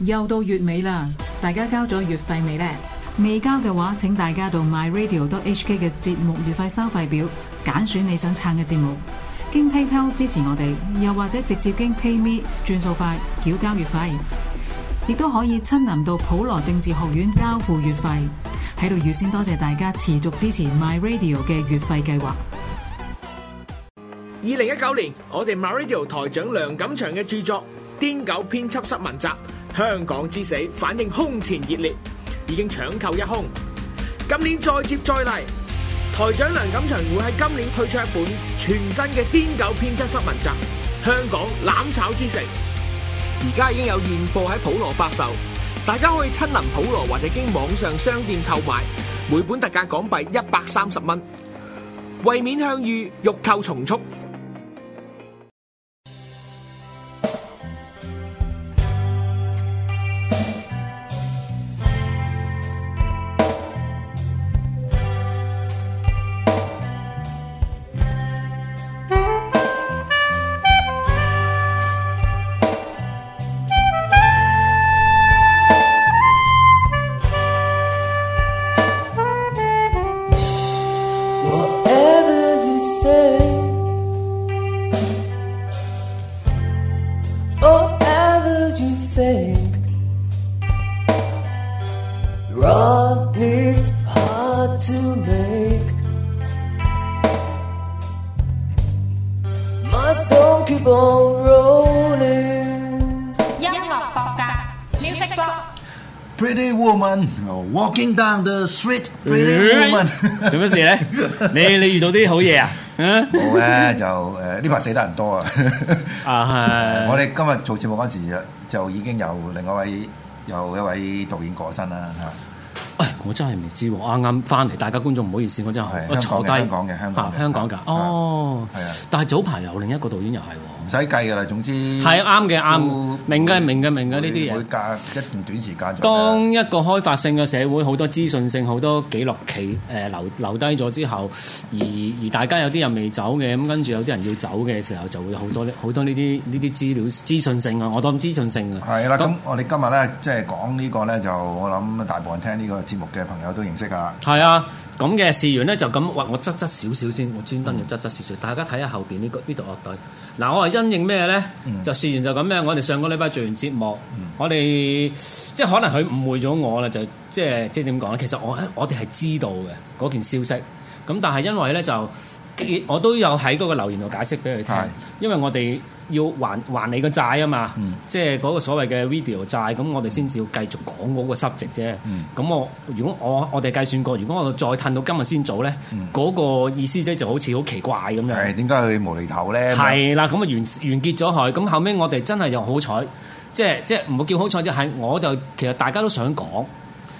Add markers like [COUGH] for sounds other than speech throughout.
又到月尾啦，大家交咗月費未呢？未交嘅話，請大家到 My Radio.HK 嘅節目月費收費表揀選你想撐嘅節目，經 PayPal 支持我哋，又或者直接經 PayMe 轉數快繳交月費，亦都可以親臨到普羅政治學院交付月費。喺度預先多謝大家持續支持 My Radio 嘅月費計劃。二零一九年，我哋 My Radio 台長梁錦祥嘅著作《癲狗編輯室文集》。香港之死反應空前熱烈，已經搶購一空。今年再接再厲，台長梁錦祥會喺今年推出一本全新嘅顛狗編輯室文集《香港攬炒之城》，而家已經有現貨喺普羅發售，大家可以親臨普羅或者經網上商店購買，每本特價港幣一百三十蚊，為免向隅，欲購從速。Pretty woman, walking down the street. Pretty woman，做 [LAUGHS] 乜事咧？你你遇到啲好嘢 [LAUGHS] 啊、呃這 [LAUGHS] 啊？嗯，我咧就誒呢排死得人多啊！啊係，我哋今日做節目嗰陣時就，就已經有另外一位有一位導演過身啦吓。我真係未知，啱啱翻嚟，大家觀眾唔好意思，我真係坐低講嘅，香港香港噶、啊、哦。係啊，但係早排有另一個導演又係唔使計㗎啦，總之係啱嘅，啱明嘅，明嘅，明嘅呢啲嘢。每隔一段短時間就。當一個開發性嘅社會，好多資訊性、好多記錄期誒留留低咗之後，而而大家有啲人未走嘅，咁跟住有啲人要走嘅時候，就會好多呢好多呢啲呢啲資料資訊性啊，我當資訊性啊。係啦，咁我哋今日咧即係講呢個咧，就我諗大部分聽呢個節目嘅朋友都認識㗎。係啊，咁嘅事緣咧就咁，我我執執少少先，我專登就執執少少。大家睇下後邊呢個呢度樂隊。嗱、這個，我真應咩咧？嗯、就事前就咁咩？我哋上個禮拜做完節目，我哋即係可能佢誤會咗我啦，就即係即係點講咧？其實我我哋係知道嘅嗰件消息，咁但係因為咧就我都有喺嗰個留言度解釋俾佢聽，因為我哋。要還還你個債啊嘛，嗯、即係嗰個所謂嘅 video 債，咁、嗯、我哋先至要繼續講嗰個失職啫。咁、嗯、我如果我我哋計算過，如果我再褪到今日先做咧，嗰、嗯、個意思即就好似好奇怪咁樣。係點解佢無厘頭咧？係啦，咁啊完完結咗佢，咁後尾我哋真係又好彩，即係即係唔好叫好彩，即係我就其實大家都想講，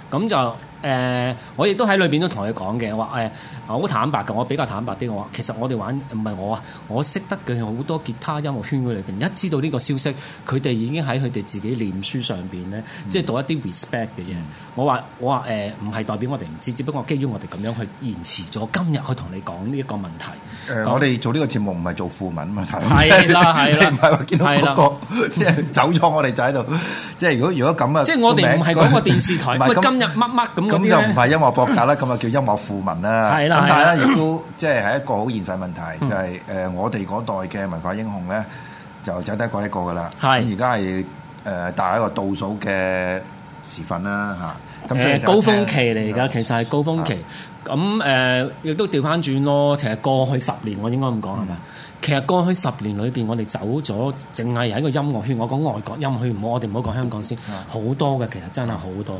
咁就。誒、呃，我亦都喺裏邊都同佢講嘅，話誒，好、呃、坦白噶，我比較坦白啲。我其實我哋玩唔係我啊，我識得嘅好多吉他音樂圈嘅裏邊，一知道呢個消息，佢哋已經喺佢哋自己臉書上邊咧，即係讀一啲 respect 嘅嘢、嗯。我話我話誒，唔、呃、係代表我哋唔知，只不過基於我哋咁樣去延遲咗今日去同你講呢一個問題。呃、我哋做呢個節目唔係做訃聞啊嘛，係啦係啦，唔係話見到嗰個即係走咗，我哋就喺度。即係如果如果咁啊，即係我哋唔係嗰個電視台， [LAUGHS] 今日乜乜咁。咁又唔係音樂博格啦，咁啊叫音樂富民啦。咁 [LAUGHS] 但係咧，亦都即係係一個好現實問題，就係、是、誒我哋嗰代嘅文化英雄咧，就走得一個一個噶啦。咁而家係誒大一個倒數嘅時分啦，嚇。誒高峰期嚟噶，其實係高峰期。咁誒、呃、亦都調翻轉咯。其實過去十年，我應該咁講係咪？其實過去十年裏邊，我哋走咗，淨係喺個音樂圈，我講外國音樂圈唔好，我哋唔好講香港先，好多嘅其實真係好多。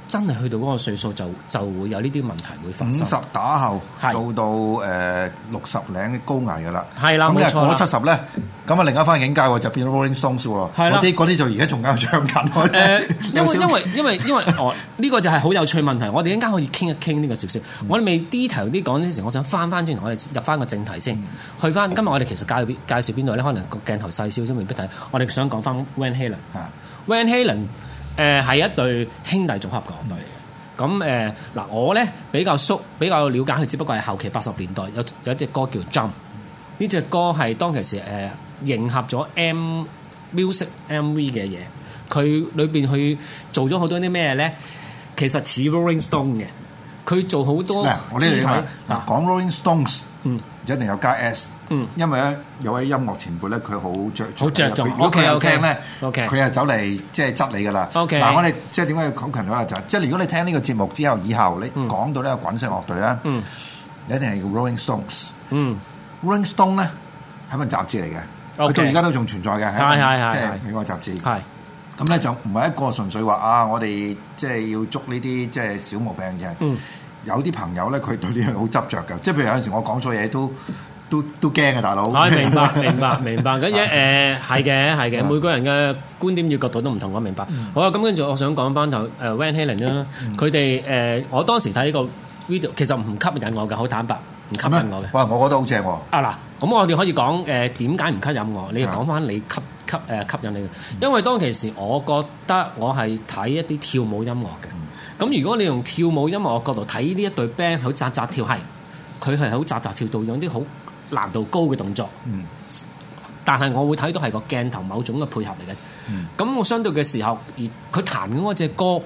真係去到嗰個歲數就就會有呢啲問題會發生。五十打後到到誒六十零高危㗎喇，係啦，咁你過咗七十咧，咁啊另一番境界就變咗 Rolling Stones 喎。係啦，嗰啲啲就而家仲加有唱緊。因為因為因為因為哦，呢、呢個就係好有趣問題。 [LAUGHS] 我哋陣間可以傾一傾呢個少少、嗯。我哋未 detail 啲講之時，我想翻翻轉頭，我哋入翻個正題先，嗯、去翻今日我哋其實介紹邊介紹邊度咧？可能個鏡頭細少少，未必睇。我哋想講翻 Van Halen，Van Halen、啊。誒係一對兄弟組合講嘅，咁誒嗱，我咧比較熟，比較瞭解佢。只不過係後期八十年代有有一隻歌叫《Jump》，呢隻歌係當其時誒迎合咗 M music M V 嘅嘢。佢裏邊去做咗好多啲咩咧？其實似 Rolling Stone 嘅，佢做好多嗱，我呢度睇，嗱講 Rolling Stones，嗯，一定有加 S。嗯，因為咧有位音樂前輩咧，佢好著好著重，如果佢又聽咧，佢又走嚟即係執你噶啦。嗱，我哋即係點解要講強韌咧？就係即係如果你聽呢個節目之後，以後你講到呢個滾石樂隊咧，你一定係叫 Rolling Stones。Rolling Stones 咧係份雜誌嚟嘅，佢到而家都仲存在嘅，係係係美國雜誌。係咁咧，就唔係一個純粹話啊！我哋即係要捉呢啲即係小毛病嘅。有啲朋友咧，佢對呢樣好執著嘅，即係譬如有陣時我講錯嘢都都都驚啊，大佬！ [LAUGHS] 係明白，明白，明白的。咁嘅誒係嘅，係嘅。的的 [LAUGHS] 每個人嘅觀點與角度都唔同，我明白。 [NOISE] 好啊，咁跟住我想講翻頭誒 Van Halen 啦，佢哋誒，我當時睇呢個 video 其實唔吸引我嘅，好坦白，唔吸引我嘅。喂、 [NOISE] 呃，我覺得好正喎！啊嗱，咁我哋可以講誒點解唔吸引我？你又講翻你吸吸誒吸、呃、吸引你嘅？因為當其時我覺得我係睇一啲跳舞音樂嘅。咁、 [NOISE] 嗯、如果你用跳舞音樂角度睇呢一隊 band，佢紮紮跳係，佢係好紮紮跳到有啲好。難度高嘅動作，嗯、但係我會睇到係個鏡頭某種嘅配合嚟嘅。咁、嗯、我相對嘅時候，而佢彈嗰隻歌、嗯、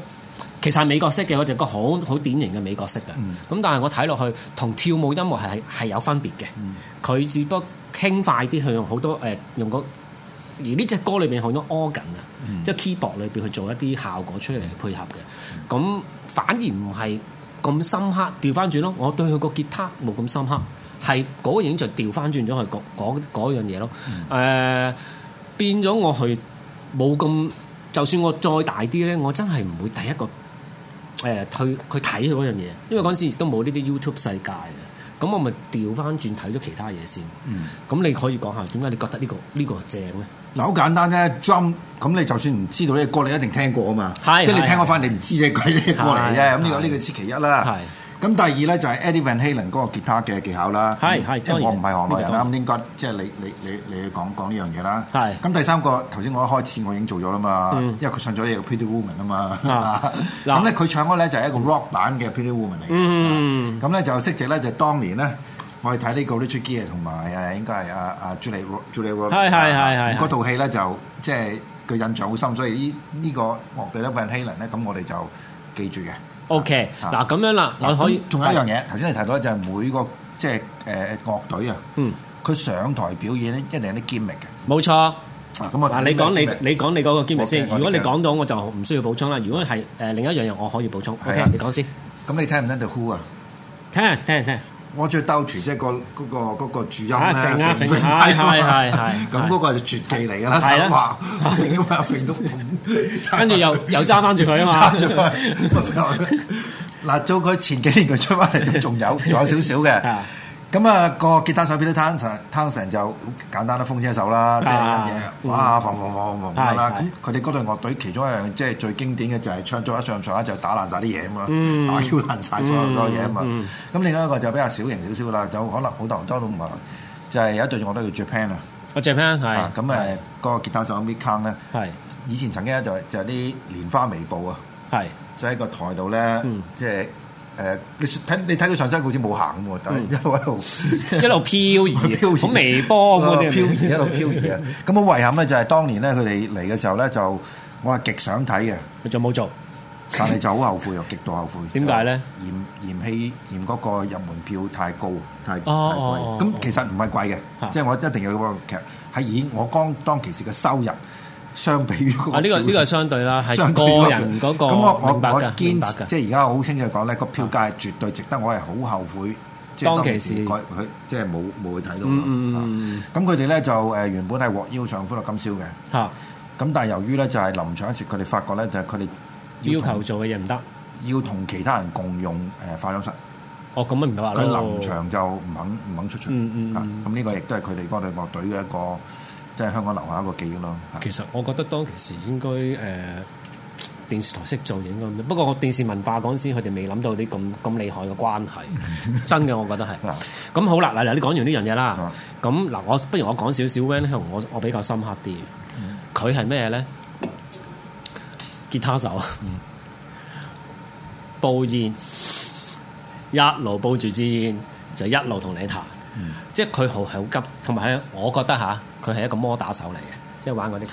其實係美國式嘅嗰隻歌好，好好典型嘅美國式嘅。咁、嗯、但係我睇落去，同跳舞音樂係係有分別嘅。佢、嗯、只不過輕快啲，去用好多誒、呃、用個而呢隻歌裏邊好多 organ 啊、嗯，即、就、係、是、keyboard 裏邊去做一啲效果出嚟去配合嘅。咁、嗯、反而唔係咁深刻。調翻轉咯，我對佢個吉他冇咁深刻。係嗰、那個、影就調翻轉咗去講嗰樣嘢咯，誒、嗯呃、變咗我去冇咁，就算我再大啲咧，我真係唔會第一個誒去睇佢嗰樣嘢，因為嗰陣時亦都冇呢啲 YouTube 世界嘅，咁我咪調翻轉睇咗其他嘢先。咁、嗯、你可以講下點解你覺得呢、這個呢、這個正咧？嗱好簡單啫，drum 咁你就算唔知道呢個歌，你一定聽過啊嘛，即係、就是、你聽過翻，你唔知嘅鬼咩歌嚟嘅，咁呢、這個呢個先其一啦。咁第二咧就係 Eddie Van Halen 嗰個吉他嘅技巧啦，因為我唔係韓國人啦，咁應該即係你你你你講講呢樣嘢啦。咁第三個頭先我一開始我已經做咗啦嘛、嗯，因為佢唱咗嘢《Pretty Woman》啊嘛。咁咧佢唱嗰咧就係一個 rock 版嘅《Pretty Woman》嚟。嘅、嗯。咁、嗯、咧、嗯嗯、就即係咧就當年咧，我係睇呢個《The t r a g e y 同埋啊，應該係阿阿 Julie Julie 嗰套戲咧就即係佢印象好深，所以呢呢個樂隊咧 Van Halen 咧，咁我哋就記住嘅。OK，嗱咁樣啦，嗱、啊，可以。仲有一樣嘢，頭先你提到就係、是、每個即係誒樂隊啊，嗯，佢上台表演咧一定有啲堅力嘅。冇錯，咁、啊、我嗱你講你你講你嗰個堅力先。如果你講到我就唔需要補充啦。如果係誒、呃、另一樣嘢我可以補充。啊、OK，你講先、啊。咁你聽唔聽到 The Who 啊？聽聽聽。聽我最兜住即係個個個主音咧，揈揈、啊，係咁嗰個係絕技嚟啦，話揈咁跟住又又揸翻住佢啊，啊，啊、哎、嘛，嗱、哎，做、哎、佢、啊啊啊哎啊啊、 [LAUGHS] 前幾年佢出翻嚟都仲有，仲有少少嘅。 [LAUGHS] 咁啊，個吉他手畀啲攤成攤成就簡單啦，風車手啦，即係啲嘢，哇，放放放放啦！咁佢哋嗰隊樂隊其中一樣即係最經典嘅就係唱咗一唱咗就打爛曬啲嘢啊嘛，打擾爛曬所有咁多嘢啊嘛！咁另一個就比較小型少少啦，就可能好多人都唔係，就係有一隊樂隊叫 Japan 啊，啊 Japan 係，咁誒個吉他手 Mick Karn 咧係以前曾經一隊就係啲蓮花微布啊，係坐喺個台度咧，即係。誒、呃，你睇你睇到上身好似冇行咁喎，但係一路、嗯、 [LAUGHS] 一路漂飄移，漂 [LAUGHS] 飄移，好微波嘅，漂移一路漂移啊！咁 [LAUGHS] 好遺憾咧，就係當年咧佢哋嚟嘅時候咧，就我係極想睇嘅，佢就冇做，但係就好後悔，又 [LAUGHS] 極度後悔。點解咧？嫌棄嫌氣嫌嗰個入門票太高，太、哦、太咁、哦、其實唔係貴嘅，即、哦、係、就是、我一定要嗰個劇係以我剛當其時嘅收入。相比於個，啊呢個呢個係相對啦，係個人嗰個明白㗎，明白㗎。咁我我我堅，即係而家我好清楚講咧，個票價係絕對值得，我係好後悔。即係當其時，佢佢即係冇冇去睇到咯。嗯嗯嗯。咁佢哋咧就誒原本係獲邀上歡樂今宵嘅，嚇。咁但係由於咧就係臨場時佢哋發覺咧就係佢哋要求做嘅嘢唔得，要同其他人共用誒化妝室。哦，咁啊唔明白咯。佢臨場就唔肯唔肯出場。嗯嗯。啊，咁呢個亦都係佢哋嗰隊樂隊嘅一個。即係香港留下一個記憶咯。其實我覺得當其時應該誒、呃、電視台識做影咁，不過我電視文化嗰陣時佢哋未諗到啲咁咁厲害嘅關係， [LAUGHS] 真嘅我覺得係。咁 [LAUGHS] 好啦，嗱嗱，你講完呢樣嘢啦，咁 [LAUGHS] 嗱，我不如我講少少 Van，我我比較深刻啲，佢係咩咧？吉他手，嗯、 [LAUGHS] 煲煙，一路煲住支煙就一路同你彈。嗯、即係佢好係好急，同埋係，我覺得吓佢係一個摩打手嚟嘅、就是，即係玩嗰啲。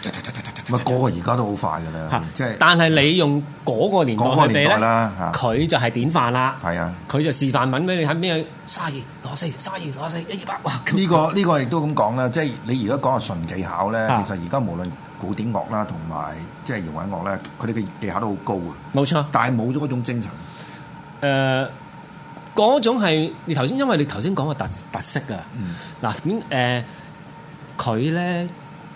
唔係個個而家都好快噶啦，即係。但係你用嗰個，嗰個年代嚟咧，佢就係典範啦。係啊，佢就示範文俾你睇，咩？「三二六四，三二六四，一二八，哇！呢、呢個呢、呢個亦都咁講啦，即、就、係、是、你而家講下純技巧咧。其實而家無論古典樂啦，同埋即係搖滾樂咧，佢哋嘅技巧都好高嘅。冇錯，但係冇咗嗰種精神。誒、呃。嗰種係你頭先，因為你頭先講嘅特特色啊。嗱咁誒，佢、呃、咧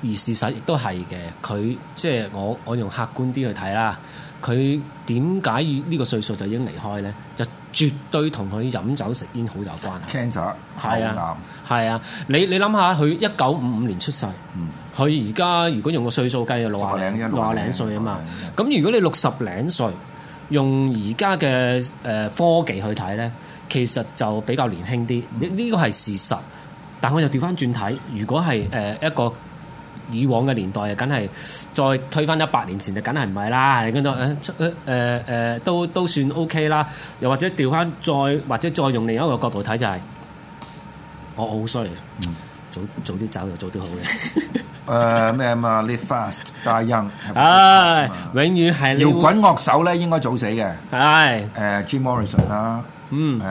而事實亦都係嘅。佢即係我我用客觀啲去睇啦。佢點解呢個歲數就已經離開咧？就絕對同佢飲酒食煙好有關啊。Cancer 喉癌係啊，係啊，你你諗下，佢一九五五年出世，佢而家如果用個歲數計嘅六廿零、六廿零歲啊嘛。咁如果你六十零歲，用而家嘅誒科技去睇咧？其實就比較年輕啲，呢呢個係事實。但我又調翻轉睇，如果係誒一個以往嘅年代，梗係再推翻一百年前就梗係唔係啦。咁就、呃呃呃、都都算 OK 啦。又或者調翻再，或者再用另一個角度睇就係、係，我好衰，早早啲走又早啲好嘅、呃。誒咩啊嘛？Live fast, die young,、啊、係係永遠係搖滾樂手咧應該早死嘅。係誒、呃、Jim Morrison 啦、啊。嗯，誒、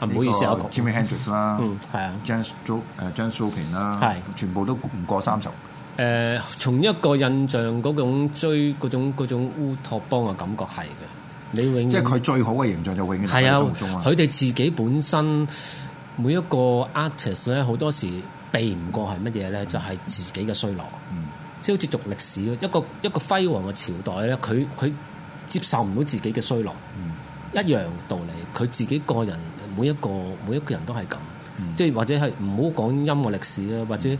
呃、唔好意思 Jimi Hendrix，、嗯嗯、啊，Janis，Jo 誒 Janis Joplin 啦，係、啊，全部都唔過三十。誒、呃，從一個印象嗰種追嗰種嗰種烏托邦嘅感覺係嘅，你永即係佢最好嘅形象就永遠係、嗯、啊，佢哋自己本身每一個 artist 咧，好多時避唔過係乜嘢咧，就係、是、自己嘅衰落。嗯、即係好似讀歷史，一個一個輝煌嘅朝代咧，佢佢接受唔到自己嘅衰落。嗯一樣道理，佢自己個人每一個每一個人都係咁，即、嗯、係或者係唔好講音樂歷史啊，或者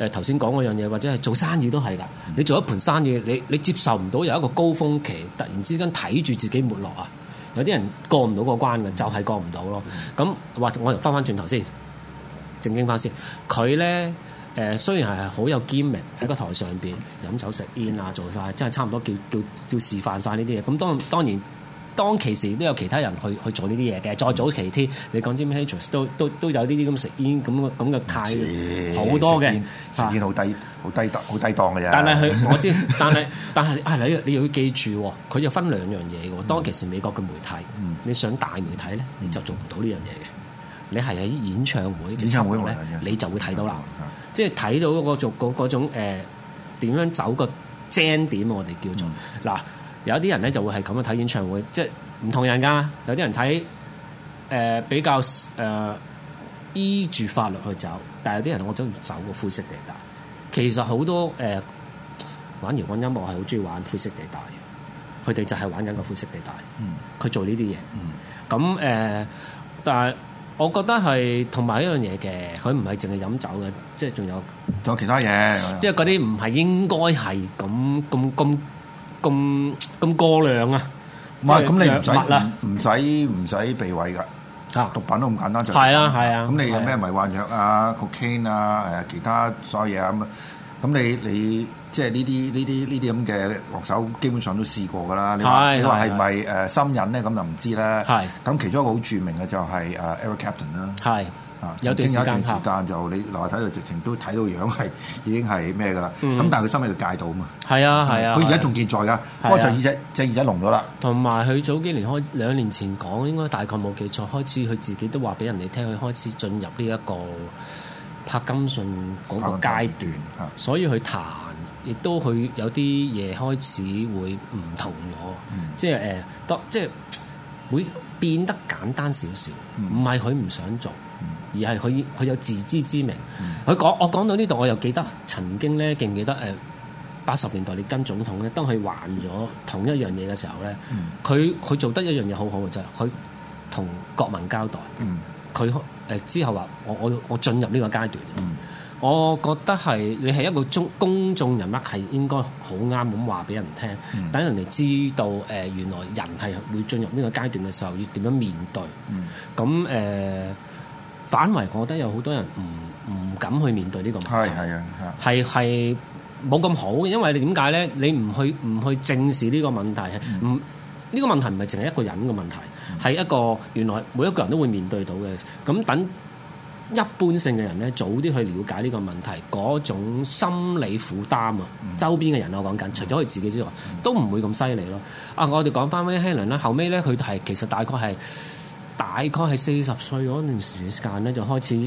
誒頭先講嗰樣嘢，或者係做生意都係噶。嗯、你做一盤生意，你你接受唔到有一個高峰期，突然之間睇住自己沒落啊，有啲人過唔到嗰關嘅，嗯、就係過唔到咯。咁、嗯、或、嗯、我又翻翻轉頭先，正經翻先，佢咧誒雖然係好有堅明喺個台上邊飲酒食煙啊，做晒，真係差唔多叫叫叫，叫示範晒呢啲嘢。咁當當然。當其時都有其他人去去做呢啲嘢嘅，再早期啲，你講 j a 都都都有呢啲咁食煙咁咁嘅態，好多嘅食煙好低好低檔好低檔嘅啫。但係佢我知道 [LAUGHS] 但係，但係但係係你你要記住，佢就分兩樣嘢嘅。當其時美國嘅媒體，你上大媒體咧就做唔到呢樣嘢嘅。你係喺演唱會演唱會咧，你就會睇到啦。即係睇到嗰做嗰嗰種誒點、呃、樣走個精點，我哋叫做嗱。嗯有啲人咧就會係咁樣去睇演唱會，即係唔同人㗎。有啲人睇誒、呃、比較誒、呃、依住法律去走，但有啲人我鍾意走個灰色地帶。其實好多誒、呃、玩搖滾音樂係好鍾意玩灰色地帶嘅，佢哋就係玩緊個灰色地帶。佢、嗯、做呢啲嘢。嗯，咁誒、呃，但係我覺得係同埋一樣嘢嘅，佢唔係淨係飲酒嘅，即係仲有仲有其他嘢。即係嗰啲唔係應該係咁咁咁。嗯咁咁過量啊！唔係咁，你唔使唔使唔使避諱噶。毒品都咁簡單就係啦，係啊。咁你有咩迷幻藥啊？Cocaine 啊，誒其他所有嘢啊咁啊。咁你你即係呢啲呢啲呢啲咁嘅藥手，基本上都試過噶啦。你話你話係咪誒心癮咧？咁就唔知啦。係。咁其中一個好著名嘅就係誒 Eric Clapton 啦。係。有一段時間就你留睇到，直情都睇到樣係已經係咩㗎啦。咁、嗯、但係佢心喺度戒到嘛？係啊係啊！佢而家仲健在㗎、啊，不過就耳仔隻、啊、耳仔聾咗啦。同埋佢早幾年兩年前講，應該大概冇記錯，開始佢自己都話俾人哋聽，佢開始進入呢一個柏金遜嗰個階段。所以佢彈亦、啊、都佢有啲嘢開始會唔同咗、嗯。即係誒，當、呃、即會。變得簡單少少，唔係佢唔想做，而係佢佢有自知之明。佢講我講到呢度，我又記得曾經記不記得呢，記唔記得誒八十年代列根總統咧，當佢還咗同一樣嘢嘅時候呢，佢佢做得一樣嘢好好嘅就係佢同國民交代，佢誒之後話我我我進入呢個階段。我覺得係你係一個中公眾人物，係應該好啱咁話俾人聽，等、嗯、人哋知道誒、呃、原來人係會進入呢個階段嘅時候要點樣面對。咁、嗯、誒、呃、反為，我覺得有好多人唔唔敢去面對呢個問題係啊係係冇咁好嘅，因為你點解呢？你唔去唔去正視呢個問題，唔、呢個問題唔係淨係一個人嘅問題，係、嗯、一個原來每一個人都會面對到嘅。咁等。一般性嘅人咧，早啲去了解呢個問題，嗰種心理負擔啊，周邊嘅人我講緊，除咗佢自己之外，嗯、都唔會咁犀利咯。啊，我哋講翻 Halen 啦，後尾咧佢係其實大概係大概係四十歲嗰段時間咧，就開始誒、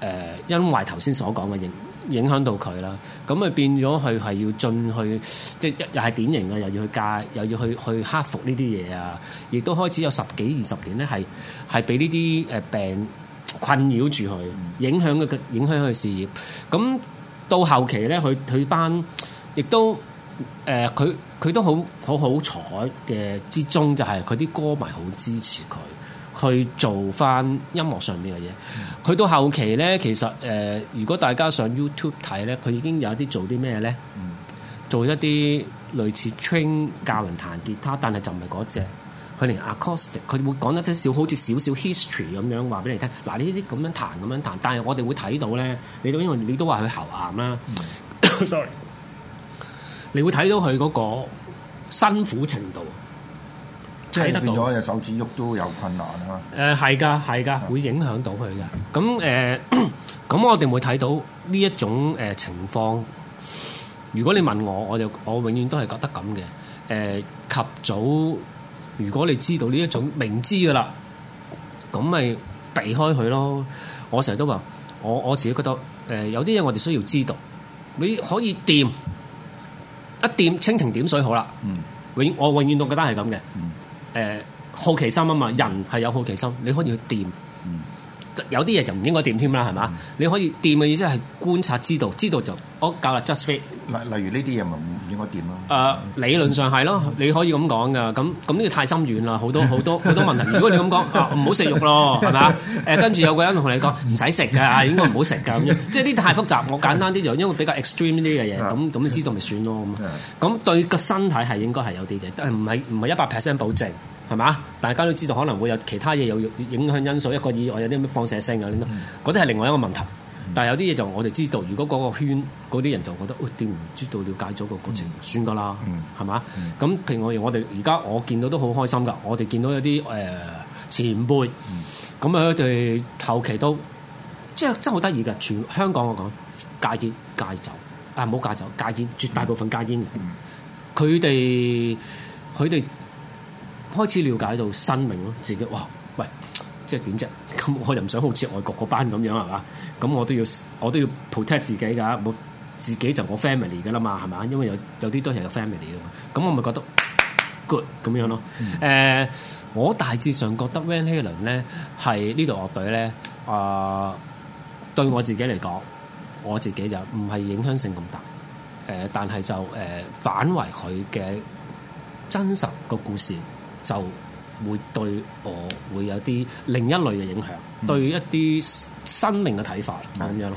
呃、因為頭先所講嘅影影響到佢啦，咁咪變咗佢係要進去，即係又係典型啊，又要去戒，又要去去克服呢啲嘢啊，亦都開始有十幾二十年咧，係係俾呢啲誒病，困擾住佢，影響佢嘅影響佢嘅事業。咁到後期咧，佢佢班亦都誒，佢、呃、佢都好好好彩嘅之中，就係佢啲歌迷好支持佢，去做翻音樂上面嘅嘢。佢、嗯、到後期咧，其實誒、呃，如果大家上 YouTube 睇咧，佢已經有啲做啲咩咧？嗯、做一啲類似 training 教人彈吉他，但係就唔係嗰隻。嗯佢連 acoustic 會講得啲少，好似少少 history 咁樣話俾你聽。嗱，呢啲咁樣彈，咁樣彈，但係我哋會睇到咧，你都因為你都話佢喉癌啦、嗯。 [COUGHS] sorry，你會睇到佢嗰個辛苦程度，睇得到，隻手指喐都有困難啊。誒、呃，係㗎，係㗎，會影響到佢嘅。咁咁、呃、 [COUGHS] 我哋會睇到呢一種情況。如果你問我，我就我永遠都係覺得咁嘅。誒、呃、及早。如果你知道呢一種明知嘅啦，咁咪避開佢咯。我成日都話，我我自己覺得，誒、呃、有啲嘢我哋需要知道，你可以掂一掂，蜻蜓點水好啦。永、嗯、我永遠都覺得係咁嘅。誒、嗯呃、好奇心啊嘛，人係有好奇心，你可以去掂。嗯有啲嘢就唔應該掂添啦，係嘛？嗯、你可以掂嘅意思係觀察知道，知道就我教啦，just fit 例，例如呢啲嘢咪唔唔應該掂咯。誒、呃、理論上係咯，你可以咁講噶。咁咁呢個太深遠啦，好多好 [LAUGHS] 多好多，多問題。如果你咁講唔好食肉咯，係咪啊？跟住、 [LAUGHS] 呃、有個人同你講唔使食㗎，應該唔好食㗎咁樣。即係呢啲太複雜，我簡單啲就 [LAUGHS] 因為比較 extreme 啲嘅嘢。咁咁 [LAUGHS] 你知道咪算咯，咁咁對個身體係應該係有啲嘅，但係唔係唔係一百 percent 保證。係嘛？大家都知道，可能會有其他嘢有影響因素，一個意外有啲咩放射性啊，嗰啲係另外一個問題。嗯、但係有啲嘢就我哋知道，如果嗰個圈嗰啲人就覺得，我點唔知道了解咗個過程，嗯、就算噶啦，係嘛？咁、嗯嗯、譬如我哋而家我見到都好開心㗎，我哋見到有啲誒、呃、前輩，咁啊佢哋後期都即係真係好得意㗎，全香港我講戒煙戒酒，啊唔好戒酒戒煙，絕大部分戒煙佢哋佢哋。嗯、他們他們開始了解到生命咯，自己哇，喂，即係點啫？咁我又唔想好似外國嗰班咁樣係嘛？咁我都要我都要 protect 自己㗎，冇自己就係我 family 㗎啦嘛，係嘛？因為有有啲都係有 family 㗎嘛，咁我咪覺得、嗯、good 咁樣咯。誒、嗯呃，我大致上覺得 Van Halen 咧係呢度樂隊咧啊、呃，對我自己嚟講，我自己就唔係影響性咁大。誒、呃，但係就誒、呃、反為佢嘅真實個故事。就會對我會有啲另一類嘅影響，嗯、對一啲生命嘅睇法咁樣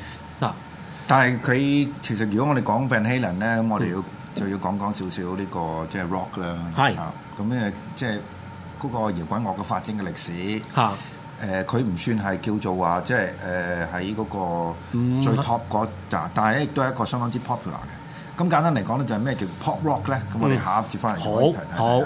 啊。但係佢其實如果我哋講 Van Halen 咧，咁我哋要、嗯、就要講講少少呢、這個即係、就是、rock 啦。係啊，咁咧即係嗰個搖滾樂嘅發展嘅歷史嚇。誒，佢、呃、唔算係叫做話即係誒喺嗰個最 top 嗰集、嗯，但係咧亦都係一個相當之 popular 嘅。咁簡單嚟講咧，就係、是、咩叫 pop rock 咧？咁我哋下一節翻嚟好好，看看好